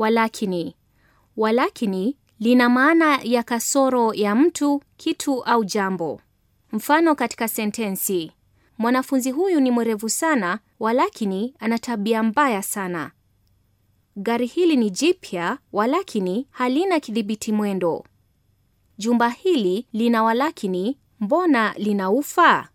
Walakini. Walakini lina maana ya kasoro ya mtu, kitu au jambo. Mfano katika sentensi: mwanafunzi huyu ni mwerevu sana, walakini ana tabia mbaya sana. Gari hili ni jipya, walakini halina kidhibiti mwendo. Jumba hili lina walakini, mbona ufa